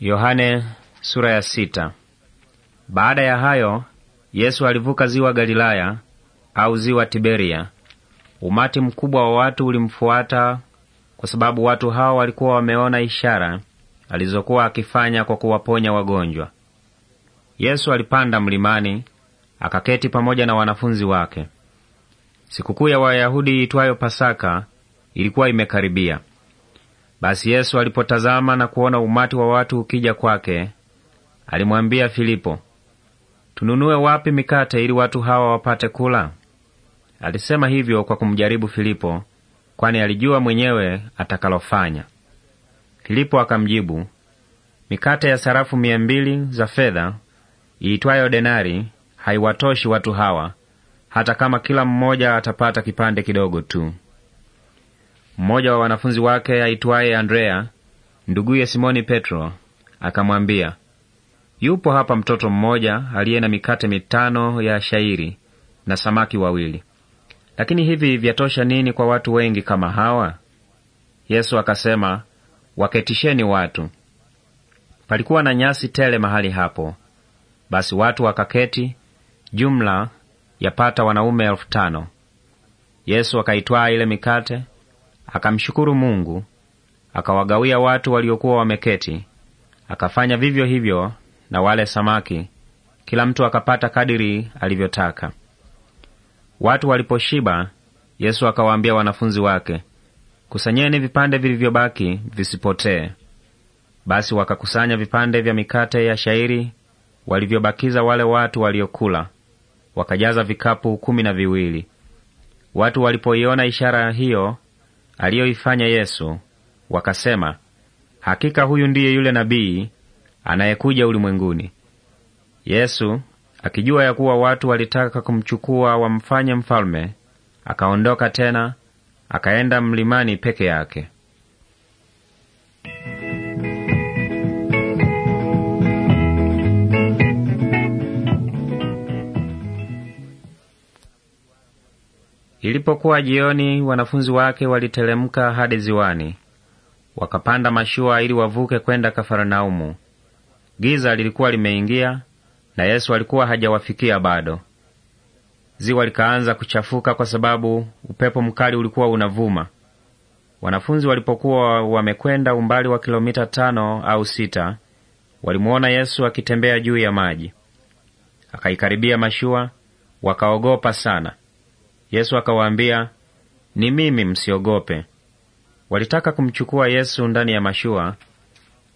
Yohane sura ya sita. Baada ya hayo Yesu alivuka ziwa Galilaya au ziwa Tiberia. Umati mkubwa wa watu ulimfuata kwa sababu watu hao walikuwa wameona ishara alizokuwa akifanya kwa kuwaponya wagonjwa. Yesu alipanda mlimani akaketi pamoja na wanafunzi wake. Sikukuu ya Wayahudi itwayo Pasaka ilikuwa imekaribia. Basi Yesu alipotazama na kuona umati wa watu ukija kwake, alimwambia Filipo, tununue wapi mikate ili watu hawa wapate kula? Alisema hivyo kwa kumjaribu Filipo, kwani alijua mwenyewe atakalofanya. Filipo akamjibu, mikate ya sarafu mia mbili za fedha iitwayo denari haiwatoshi watu hawa, hata kama kila mmoja atapata kipande kidogo tu. Mmoja wa wanafunzi wake aitwaye Andrea, nduguye Simoni Petro, akamwambia, yupo hapa mtoto mmoja aliye na mikate mitano ya shairi na samaki wawili, lakini hivi vyatosha nini kwa watu wengi kama hawa? Yesu akasema, waketisheni watu. Palikuwa na nyasi tele mahali hapo. Basi watu wakaketi, jumla yapata wanaume elfu tano. Yesu akaitwaa ile mikate Akamshukuru Mungu, akawagawia watu waliokuwa wameketi, akafanya vivyo hivyo na wale samaki, kila mtu akapata kadiri alivyotaka. Watu waliposhiba, Yesu akawaambia wanafunzi wake, kusanyeni vipande vilivyobaki visipotee. Basi wakakusanya vipande vya mikate ya shairi walivyobakiza wale watu waliokula, wakajaza vikapu kumi na viwili. Watu walipoiona ishara hiyo aliyoifanya Yesu, wakasema, hakika huyu ndiye yule nabii anayekuja ulimwenguni. Yesu akijua ya kuwa watu walitaka kumchukua wamfanye mfalme, akaondoka tena akaenda mlimani peke yake. Ilipokuwa jioni, wanafunzi wake waliteremka hadi ziwani, wakapanda mashua ili wavuke kwenda Kafarnaumu. Giza lilikuwa limeingia na Yesu alikuwa hajawafikia bado. Ziwa likaanza kuchafuka kwa sababu upepo mkali ulikuwa unavuma. Wanafunzi walipokuwa wamekwenda umbali wa kilomita tano au sita, walimuona Yesu akitembea juu ya maji. Akaikaribia mashua, wakaogopa sana. Yesu akawaambia, ni mimi, msiogope. Walitaka kumchukua Yesu ndani ya mashua,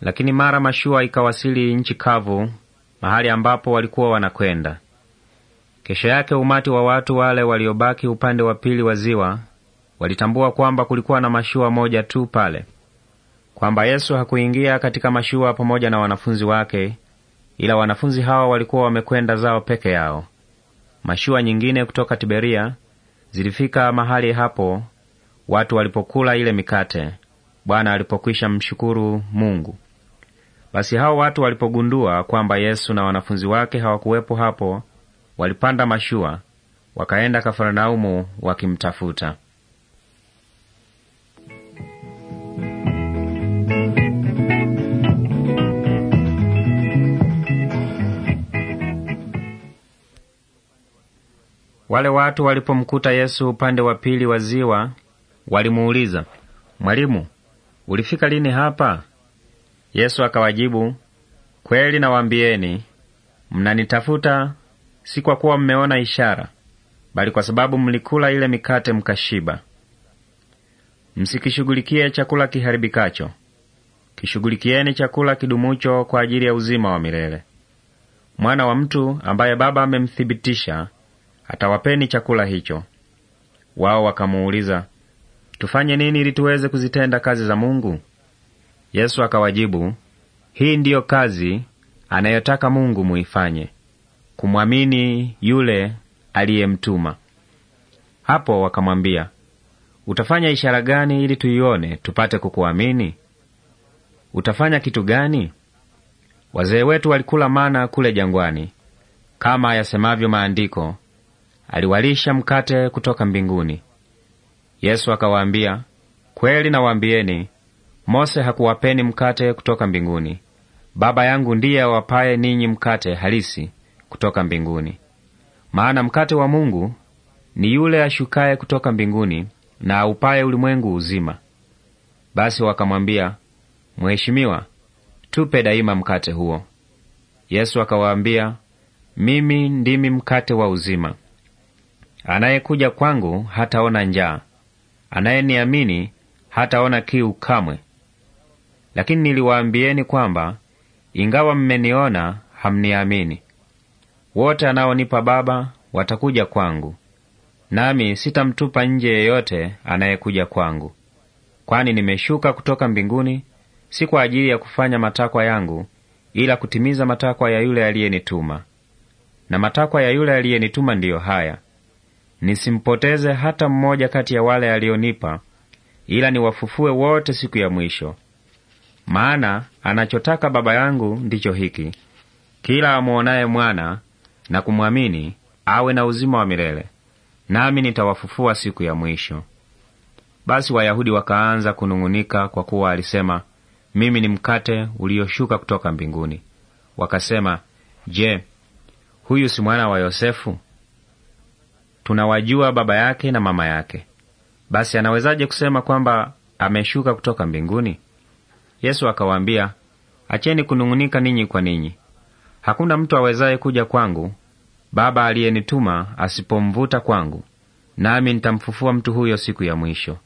lakini mara mashua ikawasili nchi kavu, mahali ambapo walikuwa wanakwenda. Kesho yake umati wa watu wale waliobaki upande wa pili wa ziwa walitambua kwamba kulikuwa na mashua moja tu pale, kwamba Yesu hakuingia katika mashua pamoja na wanafunzi wake, ila wanafunzi hawa walikuwa wamekwenda zao peke yao. Mashua nyingine kutoka Tiberia Zilifika mahali hapo watu walipokula ile mikate, Bwana alipokwisha mshukuru Mungu. Basi hao watu walipogundua kwamba Yesu na wanafunzi wake hawakuwepo hapo, walipanda mashua wakaenda Kafarnaumu wakimtafuta. Wale watu walipomkuta Yesu upande wa pili wa ziwa, walimuuliza, Mwalimu, ulifika lini hapa? Yesu akawajibu, kweli nawaambieni, mnanitafuta si kwa kuwa mmeona ishara, bali kwa sababu mlikula ile mikate mkashiba. Msikishughulikie chakula kiharibikacho, kishughulikieni chakula kidumucho kwa ajili ya uzima wa milele. Mwana wa mtu ambaye Baba amemthibitisha atawapeni chakula hicho. Wao wakamuuliza, tufanye nini ili tuweze kuzitenda kazi za Mungu? Yesu akawajibu, hii ndiyo kazi anayotaka Mungu muifanye, kumwamini yule aliyemtuma. Hapo wakamwambia, utafanya ishara gani ili tuione tupate kukuamini? Utafanya kitu gani? Wazee wetu walikula mana kule jangwani, kama yasemavyo Maandiko, aliwalisha mkate kutoka mbinguni. Yesu akawaambia, kweli nawaambieni, Mose hakuwapeni mkate kutoka mbinguni. Baba yangu ndiye awapaye ninyi mkate halisi kutoka mbinguni, maana mkate wa Mungu ni yule ashukaye kutoka mbinguni na aupaye ulimwengu uzima. Basi wakamwambia, Mheshimiwa, tupe daima mkate huo. Yesu akawaambia, mimi ndimi mkate wa uzima. Anayekuja kwangu hataona njaa, anayeniamini hataona kiu kamwe. Lakini niliwaambieni kwamba ingawa mmeniona, hamniamini. Wote anaonipa Baba watakuja kwangu, nami sitamtupa nje yeyote anayekuja kwangu, kwani nimeshuka kutoka mbinguni si kwa ajili ya kufanya matakwa yangu, ila kutimiza matakwa ya yule aliyenituma. Na matakwa ya yule aliyenituma ndiyo haya nisimpoteze hata mmoja kati ya wale aliyonipa ila niwafufue wote siku ya mwisho. Maana anachotaka Baba yangu ndicho hiki, kila amwonaye mwana na kumwamini awe na uzima wa milele, nami nitawafufua siku ya mwisho. Basi Wayahudi wakaanza kunung'unika, kwa kuwa alisema, mimi ni mkate ulioshuka kutoka mbinguni. Wakasema, je, huyu si mwana wa Yosefu? tunawajua baba yake na mama yake, basi anawezaje kusema kwamba ameshuka kutoka mbinguni? Yesu akawaambia, acheni kunung'unika ninyi kwa ninyi. Hakuna mtu awezaye kuja kwangu Baba aliyenituma asipomvuta kwangu, nami nitamfufua mtu huyo siku ya mwisho.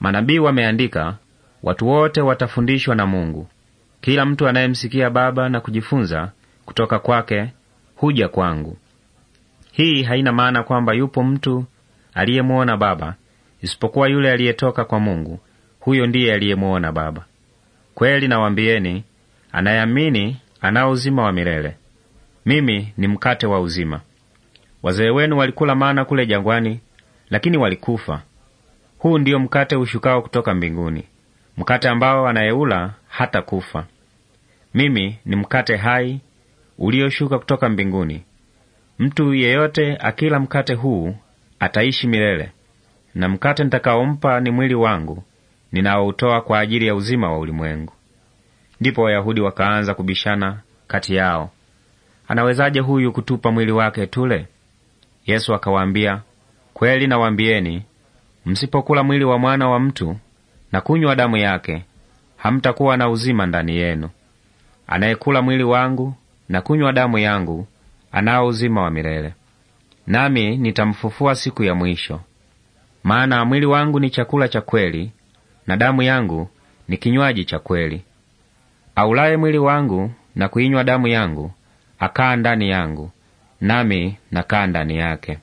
Manabii wameandika, watu wote watafundishwa na Mungu. Kila mtu anayemsikia Baba na kujifunza kutoka kwake huja kwangu. Hii haina maana kwamba yupo mtu aliyemwona Baba isipokuwa yule aliyetoka kwa Mungu, huyo ndiye aliyemwona Baba. Kweli nawambieni, anayeamini anao uzima wa milele. Mimi ni mkate wa uzima. Wazee wenu walikula mana kule jangwani, lakini walikufa. Huu ndiyo mkate ushukao kutoka mbinguni, mkate ambao anayeula hata kufa. Mimi ni mkate hai ulioshuka kutoka mbinguni. Mtu yeyote akila mkate huu ataishi milele, na mkate nitakaompa ni mwili wangu ninaoutoa kwa ajili ya uzima wa ulimwengu. Ndipo Wayahudi wakaanza kubishana kati yao, anawezaje huyu kutupa mwili wake tule? Yesu akawaambia, kweli nawaambieni, msipokula mwili wa mwana wa mtu na kunywa damu yake, hamtakuwa na uzima ndani yenu. Anayekula mwili wangu na kunywa damu yangu anao uzima wa milele, nami nitamfufua siku ya mwisho. Maana mwili wangu ni chakula cha kweli, na damu yangu ni kinywaji cha kweli. Aulaye mwili wangu na kuinywa damu yangu akaa ndani yangu, nami nakaa ndani yake.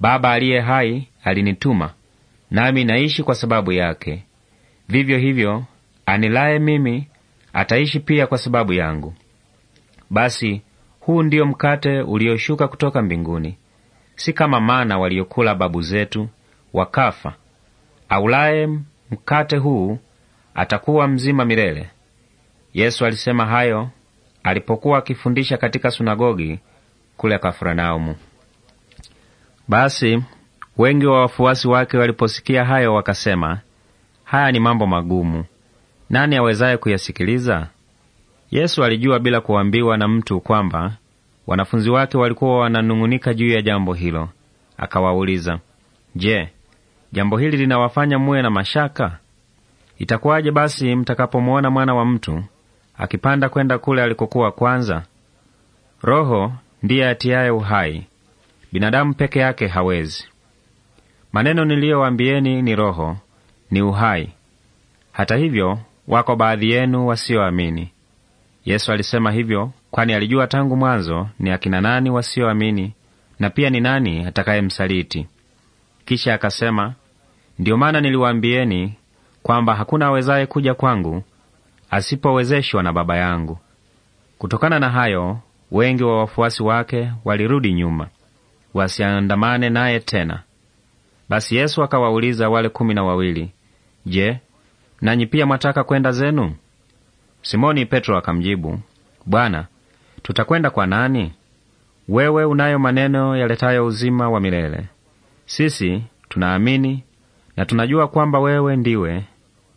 Baba aliye hai alinituma, nami naishi kwa sababu yake. Vivyo hivyo anilaye mimi ataishi pia kwa sababu yangu. Basi huu ndiyo mkate ulioshuka kutoka mbinguni, si kama mana waliokula babu zetu wakafa. Aulaye mkate huu atakuwa mzima milele. Yesu alisema hayo alipokuwa akifundisha katika sunagogi kule Kafarnaumu. Basi wengi wa wafuasi wake waliposikia hayo wakasema, haya ni mambo magumu, nani awezaye kuyasikiliza? Yesu alijua bila kuambiwa na mtu kwamba wanafunzi wake walikuwa wananung'unika juu ya jambo hilo. Akawauliza, Je, jambo hili linawafanya muwe na mashaka? Itakuwaje basi mtakapomwona mwana wa mtu akipanda kwenda kule alikokuwa kwanza? Roho ndiye atiaye uhai, binadamu peke yake hawezi. Maneno niliyowambieni ni roho, ni uhai. Hata hivyo, wako baadhi yenu wasioamini. Yesu alisema hivyo kwani alijua tangu mwanzo ni akina nani wasioamini na pia ni nani atakayemsaliti. Kisha akasema, ndiyo maana niliwaambieni kwamba hakuna awezaye kuja kwangu asipowezeshwa na Baba yangu. Kutokana na hayo, wengi wa wafuasi wake walirudi nyuma wasiandamane naye tena. Basi Yesu akawauliza wale kumi na wawili, Je, nanyi pia mwataka kwenda zenu? Simoni Petro akamjibu, Bwana, tutakwenda kwa nani? Wewe unayo maneno yaletayo uzima wa milele. Sisi tunaamini na tunajua kwamba wewe ndiwe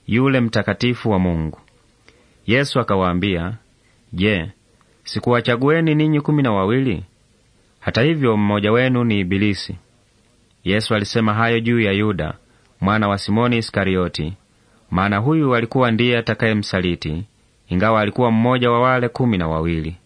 yule mtakatifu wa Mungu. Yesu akawaambia, Je, sikuwachagueni ninyi kumi na wawili? Hata hivyo mmoja wenu ni Ibilisi. Yesu alisema hayo juu ya Yuda mwana wa Simoni Iskarioti, maana huyu alikuwa ndiye atakayemsaliti, ingawa alikuwa mmoja wa wale kumi na wawili.